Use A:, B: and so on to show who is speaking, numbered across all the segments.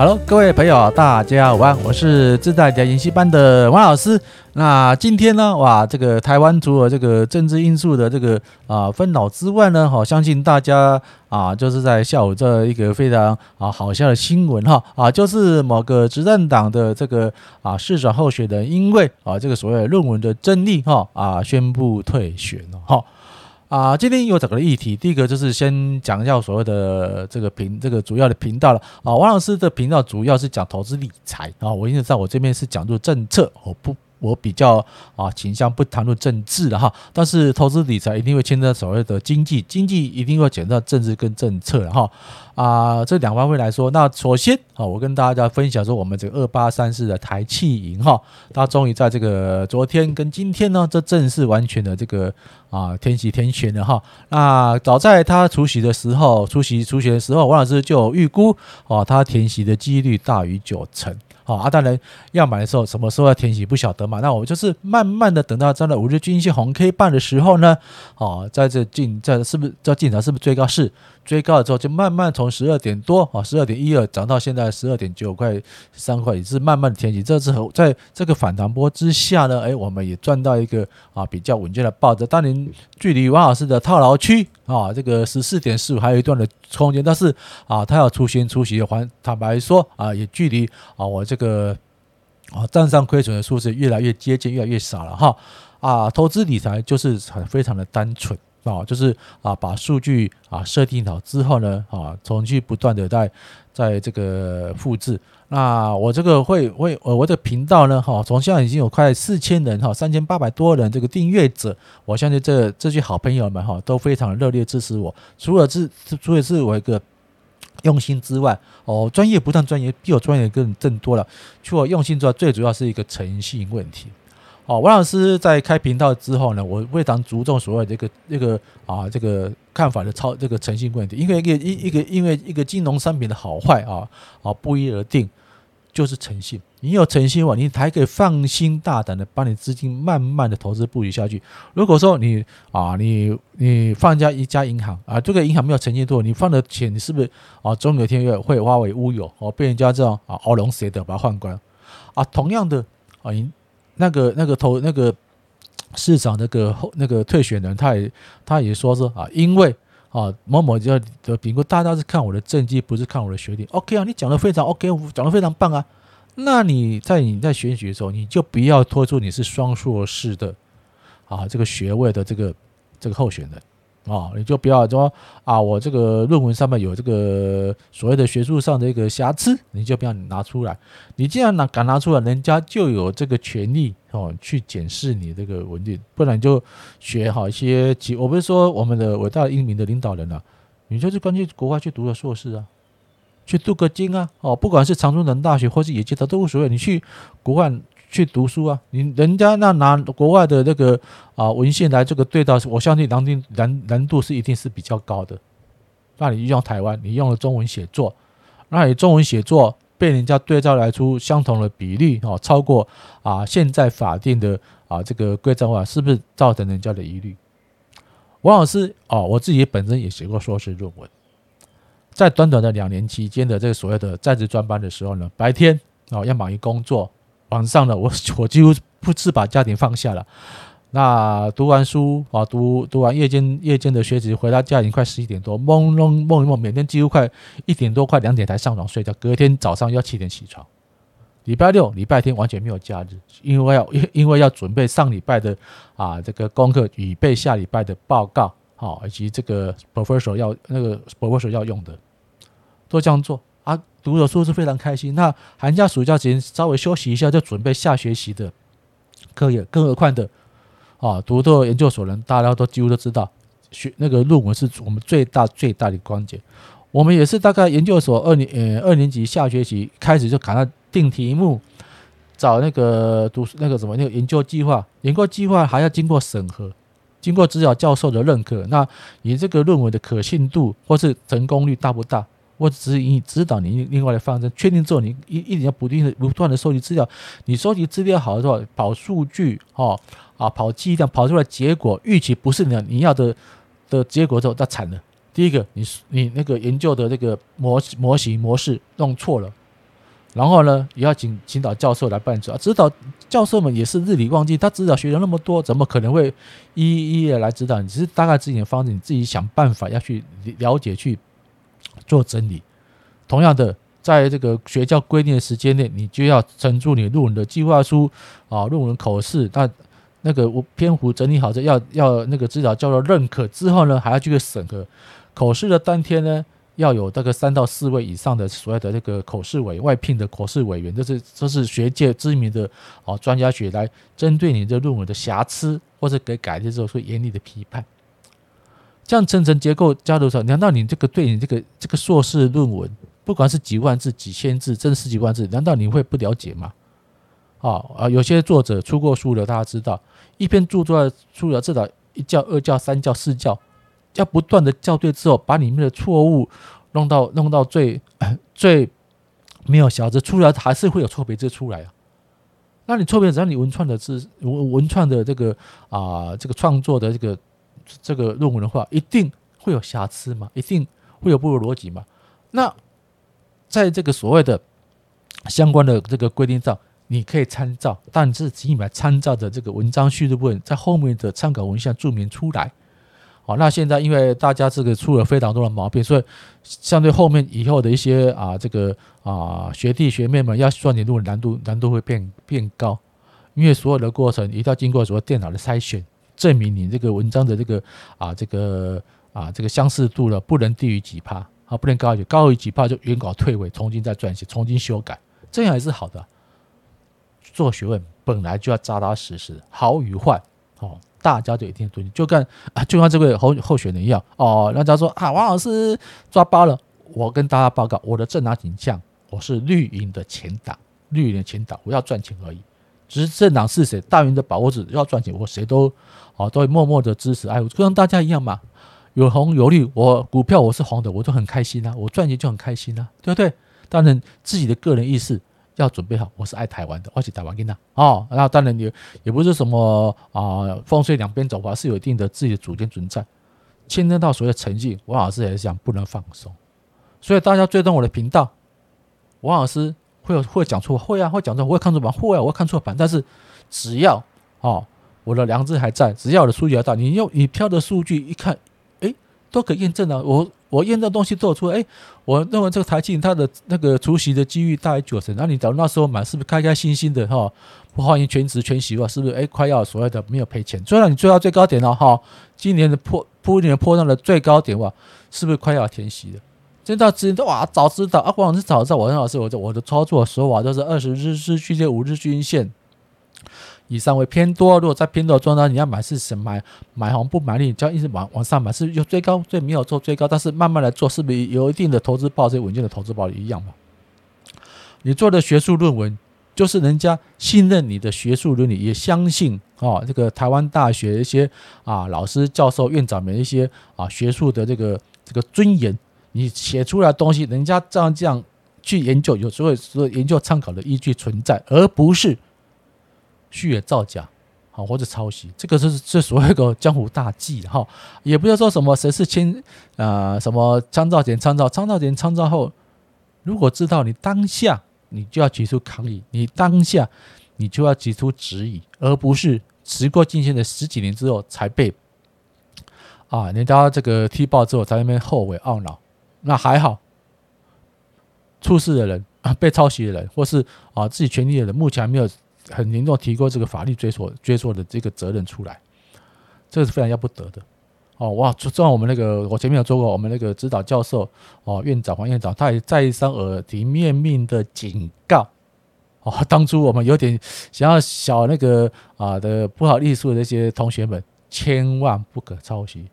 A: 哈嘍，Hello, 各位朋友，大家午安，我是自在理財研習班的王老師。那今天呢，哇，這個台灣除了這個政治因素的這個啊紛擾之外呢，哈、哦，相信大家啊，就是在下午這一個非常啊好笑的新聞哈、哦、啊，就是某個執政黨的這個啊市長候選人因為啊這個所謂論文的爭議哈啊宣布退選了哈。哦啊，今天有整個議題，第一個就是先講一下所謂的這個頻，這個主要的頻道了。啊，王老師的頻道主要是講投資理財啊，我一直在我這邊是講做政策，我不。我比較啊傾向不談論政治的哈，但是投資理財一定會牽涉所謂的經濟，經濟一定會牽涉政治跟政策哈啊，這兩方面來說，那首先啊，我跟大家分享說我們這個二八三四的台企銀哈，它終於在這個昨天跟今天呢，這正式完全的這個啊填息填權了，哈。那早在它除息的時候，除息除息的時候，王老師就預估啊，它填息的機率大於九成。好，啊、當然要買的時候，什麼時候要填息不曉得嘛。那我就是慢慢的等到真的五日均線紅 K 棒的時候呢，好，在這進，在是不是在進場是不是最高是？追高了之後，就慢慢從十二點多啊，十二點一二漲到現在十二點九塊三塊，也是慢慢的填息。這之後在這個反彈波之下呢，哎，我們也賺到一個啊比較穩健的報酬。當您距離王老師的套牢區啊，這個十四點四五還有一段的空間，但是啊，他要出現出息，還坦白說啊，也距離啊我這個啊賬上虧損的數字越來越接近，越來越少了哈。啊，投資理財就是很非常的單純。啊，哦、就是啊，把數據啊設定好之後呢，啊，從去不斷的在在這個複製。那我這個會會我我的頻道呢，哈，從現在已經有快四千人哈，三千八百多人這個訂閱者，我相信這這些好朋友們哈都非常熱烈支持我。除了是除了是我一個用心之外，哦，專業不但專業，比我專業更更多了。除了用心之外，最主要是一個誠信問題。哦，王老師在開頻道之後呢，我非常注重所謂這個、這個啊這個看法的操這個誠信問題，因為一個一一個因為一個金融商品的好壞啊啊不一而定，就是誠信。你有誠信的話，你才可以放心大膽的把你資金慢慢的投資布局下去。如果說你啊你你放一家一家銀行啊，這個銀行沒有誠信度，你放的錢你是不是啊，總有一天也會化為烏有，哦被人家這種啊高風險的把它換光啊，同樣的啊你那個那個投那個市長那個候那個退選人，他也他也說說啊，因為啊某某要的評估，大家是看我的政績，不是看我的學歷。OK 啊，你講得非常 OK，講得非常棒啊。那你在你在選舉的時候，你就不要拖住你是雙碩士的啊這個學位的這個這個候選人。哦，你就不要說啊，我這個論文上面有這個所謂的學術上的一個瑕疵，你就不要拿出來。你既然拿敢拿出來，人家就有這個權利哦，去檢視你這個文件，不然你就學好一些。我不是說我們的偉大英明的領導人啊，你就是根據國外去讀的碩士啊，去鍍個金啊，哦，不管是常春藤大學或是野雞，他都無所謂。你去國外。去讀書啊！你人家那拿國外的那個啊文獻來這個對照，我相信難難難度是一定是比較高的。那你用台灣，你用了中文寫作，那你中文寫作被人家對照來出相同的比例哦，超過啊現在法定的啊這個規則的話，是不是造成人家的疑慮？王老師啊，我自己本身也寫過碩士論文，在短短的兩年期間的這個所謂的在職專班的時候呢，白天啊要忙於工作。晚上呢，我，我幾乎不自把家庭放下了。那讀完書啊，讀讀完夜間夜間的學習，回到家已經快十一點多，朦朧夢一夢，每天幾乎快一點多，快兩點才上床睡覺。隔天早上要七點起床。禮拜六、禮拜天完全沒有假日，因為要因因為要準備上禮拜的啊這個功課，以備下禮拜的報告啊，以及這個 professor 要那個 professor 要用的，都這樣做。啊，讀的書是非常開心。那寒假暑假時間稍微休息一下，就準備下學期的科研。更何況的，啊，讀到研究所人，大家都幾乎都知道，學那個論文是我們最大最大的關鍵。我們也是大概研究所二年呃二年級下學期開始就趕上定題目，找那個讀那個什麼那個研究計劃，研究計劃還要經過審核，經過指導教授的認可。那你這個論文的可信度或是成功率大不大？我是指引，指導你另外的方針，確定之後，你一一定要不定的不斷的收集資料。你收集資料好了之後，跑數據、哦，哈啊，跑計量，跑出來結果，預期不是你你要的的結果之後，那慘了。第一個，你你那個研究的這個模模型模式弄錯了。然後呢，也要請請導教授來幫助指導。教授們也是日理萬機，他指導學員那麼多，怎麼可能會一一一的來指導？你是大概自己的方針，你自己想辦法要去了解去，做整理，同樣的，在這個學校規定的時間內，你就要陳述你論文的計劃書啊，論文口試，但那個篇幅整理好這要要那個指導叫做認可之後呢，還要去審核。口試的當天呢，要有大概三到四位以上的所謂的這個口試委員、外聘的口試委員，這是這是學界知名的啊專家學來針對你的論文的瑕疵，或是給改的時候會嚴厲的批判。這樣層層結構加多少？難道你這個對你這個這個碩士論文，不管是幾萬字、幾千字、甚至十幾萬字，難道你會不了解嗎？啊啊！有些作者出過書的，大家知道，一篇著作出了至少一校、二校、三校、四校，要不斷的校對之後，把裡面的錯誤弄到弄到最最沒有瑕疵，出來還是會有錯別字出來啊！那你錯別字，讓你文創的字文文創的這個啊、呃，這個創作的這個。這個論文的話，一定會有瑕疵嗎？一定會有不合邏輯嗎？那在這個所謂的相關的這個規定上，你可以參照，但是起碼參照的這個文章敘述部分在後面的參考文獻注明出來。好，那現在因為大家這個出了非常多的毛病，所以相對後面以後的一些啊，這個啊學弟學妹們要撰寫論文難度難度會變變高，因為所有的過程一定要經過所有電腦的篩選。證明你這個文章的這個啊，這個啊，這個相似度了，不能低於幾趴啊，不能高於高於幾趴，就原稿退回，重新再撰寫，重新修改，這樣也是好的、啊。做學問本來就要扎扎實實，好與壞哦，大家就一定要注意。就跟啊，就像這位候候選人一樣哦，大家說啊，王老師抓包了，我跟大家報告，我的政黨傾向，我是綠營的錢黨，綠營的錢黨，我要賺錢而已。只是政黨是誰，大員的把握只要賺錢，我誰都，啊，都會默默的支持。哎，就像大家一樣嘛，有紅有綠，我股票我是紅的，我就很開心啦、啊，我賺錢就很開心啦、啊，對不對？當然，自己的個人意識要準備好，我是愛台灣的，而且台灣人啊，然後當然也也不是什麼啊，風吹兩邊走吧，是有一定的自己的主見存在。牽扯到所有成績，王老師也是講不能放鬆，所以大家追蹤我的頻道，王老師，會會講錯，會啊會講錯，我會看錯吧，會啊我會看錯版，但是只要啊、哦、我的良知還在，只要我的數據還在，你用你挑的數據一看，誒，都可以驗證的、啊。我我驗證的東西做出來誒，我認為這個台企它的那個除息的機遇大於九成。那、啊、你到那時候買是不是開開心心的哈、哦？不歡迎全職全息哇、啊，是不是？誒，快要有所謂的沒有賠錢，雖然你追到最高點了哈、哦。今年的破鋪墊坡上的最高點哇、啊，是不是快要填息的？這到資都哇，早知道啊！我是早知道，我很好是我我的操作手法都是二十日間日均線、五日均線以上為偏多。如果在偏多中的狀態，你要買是什麼買紅不買綠，你就一直往往上買。是有追高就沒有做追高，但是慢慢來做，是不是有一定的投資保值穩健的投資保一樣嘛？你做的學術論文，就是人家信任你的學術倫理，也相信啊、哦，這個台灣大學一些啊老師、教授、院長們一些啊學術的這個這個尊嚴。你寫出來的東西，人家這樣這樣去研究，有時候說研究參考的依據存在，而不是虛偽造假，好或者抄襲，這個是是所謂一個江湖大忌哈。也不要說什麼時過境遷啊，什麼參照前，參照參照前，參照後，如果知道你當下，你就要提出抗議，你當下你就要提出質疑，而不是時過境遷的十幾年之後才被啊，人家這個踢爆之後才那邊後悔懊惱。那還好，出事的人啊，被抄襲的人，或是啊自己權利的人，目前還沒有很嚴重提過這個法律追索追索的這個責任出來，這是非常要不得的哦。哇，就像我們那個我前面有做過，我們那個指導教授哦，院長黃院長，他也再三耳提面命的警告哦。當初我們有點想要小那個啊的不好意思的那些同學們，千萬不可抄襲。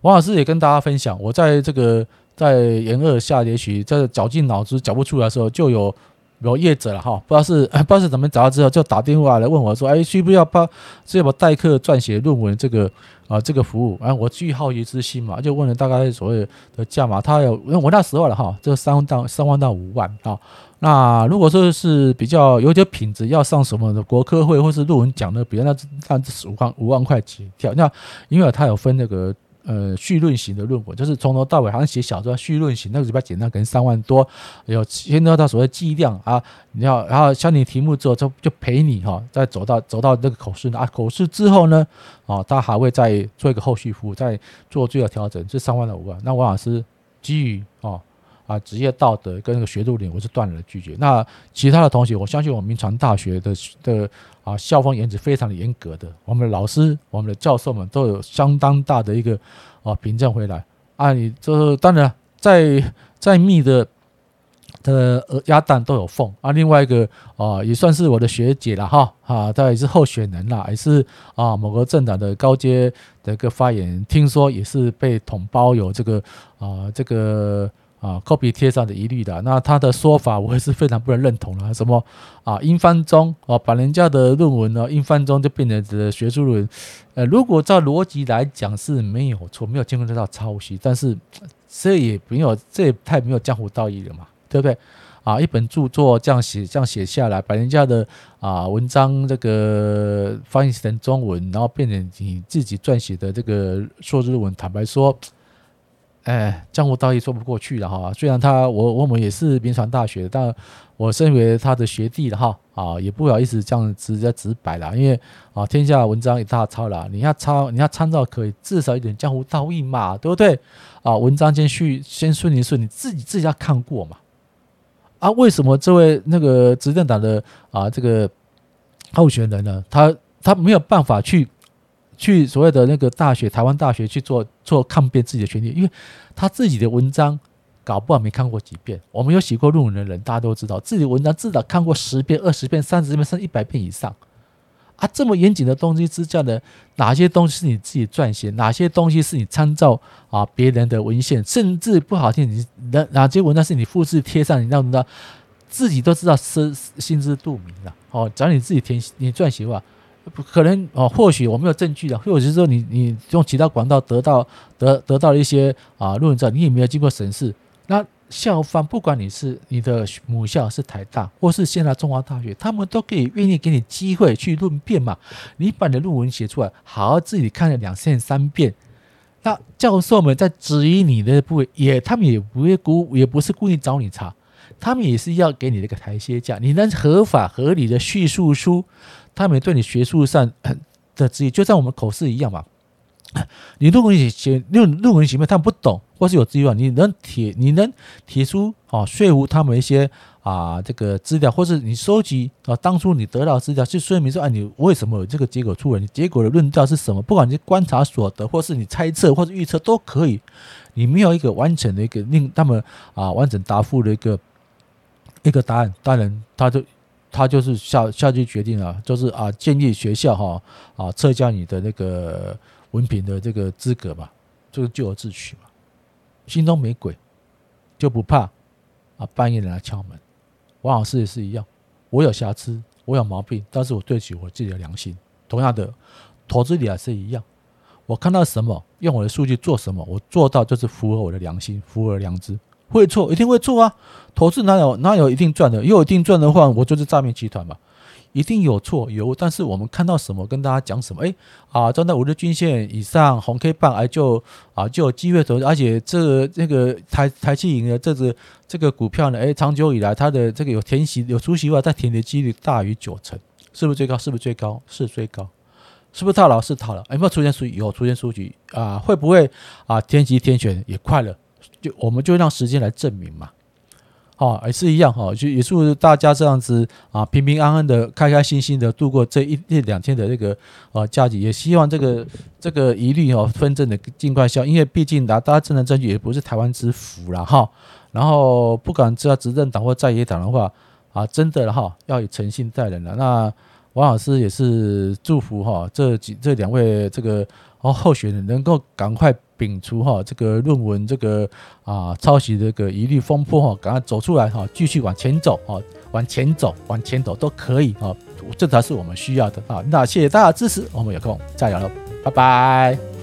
A: 王老師也跟大家分享，我在這個。在研二下，也許在絞盡腦汁絞不出來的時候，就有有業者了哈，不知道是不知道是怎麼找到之後，就打電話來問我說：“哎，需不需要，不要把，需要包代課撰寫論文這個啊這個服務啊？”然我出好奇之心嘛，就問了大概所謂的價碼。他有，我那時候了哈，這三萬到三萬到五萬啊。那如果說是比較有點品質，要上什麼的國科會或是論文獎的，比較那那五萬五萬塊錢，那因為他有分那個。呃，敘論、嗯、型的論文，就是從頭到尾好像寫小說，敘論型那個比較簡單，可能三萬多，有牽扯到所謂計量啊，你要然後簽你題目之後就就陪你哈，哦，再走到走到那個口試啊，口試之後呢，啊、哦，他還會再做一個後續服務，再做最後調整，是三萬到五萬。那王老師基於哦。啊，職業道德跟那個學術點，我是斷然拒絕。那其他的同學，我相信我們銘傳大學的的啊校風嚴，質非常嚴格的。我們的老師，我們的教授們都有相當大的一個啊評證回來啊。你這當然，在在密的的鴨蛋都有縫啊。另外一個啊，也算是我的學姐了哈，啊，她也是候選人啦，也是啊某個政黨的高階的一個發言人，聽說也是被捅包，有這個啊這個。啊，copy 貼上的疑慮的，那他的說法我也是非常不能認同了。什麼啊，英翻中啊，把人家的論文呢、啊、英翻中就變成的學術論文，呃，如果照邏輯來講是沒有錯，沒有見過這套抄襲，但是這也沒有，這也太沒有江湖道義了嘛，對不對？啊，一本著作這樣寫，這樣寫下來，把人家的啊文章這個翻譯成中文，然後變成你自己撰寫的這個碩士論文，坦白說。哎，江湖道義說不過去了哈。雖然他我，我我們也是銘傳大學，但我身為他的學弟了哈啊，也不好意思這樣直接直白了。因為啊，天下文章一大抄了，你要抄你要參照可以，至少一點江湖道義嘛，對不對？啊，文章先去先順一順，你自己自己要看過嘛。啊，為什麼這位那個執政黨的啊這個候選人呢，他他沒有辦法去，去所謂的那個大學，台灣大學去做做抗辯自己的權利，因為他自己的文章搞不好沒看過幾遍。我們有寫過論文的人，大家都知道，自己的文章至少看過十遍、二十遍、三十遍、甚至一百遍以上啊！這麼嚴謹的東西之下呢，哪些東西是你自己撰寫，哪些東西是你參照啊別人的文獻，甚至不好聽，你哪哪些文章是你複制貼上，你讓那自己都知道是心知肚明的啊。哦，只要你自己填你撰寫吧。可能哦，或許我沒有證據的，或者是說你你用其他管道得到得得到了一些啊論證，你也沒有經過審視。那校方不管你是你的母校是台大或是現在中華大學，他們都可以願意給你機會去論辯嘛。你把你的論文寫出來，好好自己看了兩遍三遍。那教授們在質疑你的部位，也他們也不會故也不是故意找你碴，他們也是要給你那個台階下，你能合法合理的敘述出，他們對你學術上的質疑，就像我們口試一樣吧。你論文寫寫論論文前面，他們不懂或是有質疑啊，你能提你能提出啊，說服他們一些啊這個資料，或是你收集啊當初你得到資料去說明說，啊，你為什麼有這個結果出來？你結果的論調是什麼？不管你觀察所得，或是你猜測，或是預測都可以。你沒有一個完整的一個令他們啊完整答覆的一個一個答案，當然他就。他就是下下去決定了，啊，就是啊，建議學校哈啊撤銷、啊、你的那個文憑的這個資格吧，就是咎由自取嘛，心中沒鬼就不怕啊半夜人來敲門。王老師也是一樣，我有瑕疵，我有毛病，但是我對起我自己的良心。同樣的，投資理財是一樣，我看到什麼，用我的數據做什麼，我做到就是符合我的良心，符合良知。會錯，一定會錯啊！投資哪有哪有一定賺的？有一定賺的話，我就是詐騙集團嘛！一定有錯有，但是我們看到什麼，跟大家講什麼。哎啊，站在五日均線以上紅 K 棒，哎就啊就有機會投資。而且這個、這個台台企銀的這只、個、這個股票呢，哎長久以來它的這個有填息有除息吧，它填的幾率大於九成，是不是最高？是不是最高？是最高，是不是套牢是套牢？沒有出現數？據以後出現數據啊，會不會啊填息填權也快了？就我們就讓時間來證明嘛，好，也是一樣哈，就也祝大家這樣子啊，平平安安的，開開心心的度過這一兩天的這個呃假期，也希望這個這個疑慮哦紛爭的儘快消，因為畢竟拿大家真的證據也不是台灣之福了哈。然後不管知道執政黨或在野黨的話啊，真的哈，要以誠信待人了。那王老師也是祝福哈，這幾這兩位這個哦候選人能夠趕快。摒除哈，這個論文這個啊抄襲這個疑慮風波。哈，趕快走出來哈，繼續往前走啊，往前走，往前走都可以啊，這才是我們需要的啊。那謝謝大家的支持，我們有空再聊嘍，拜拜。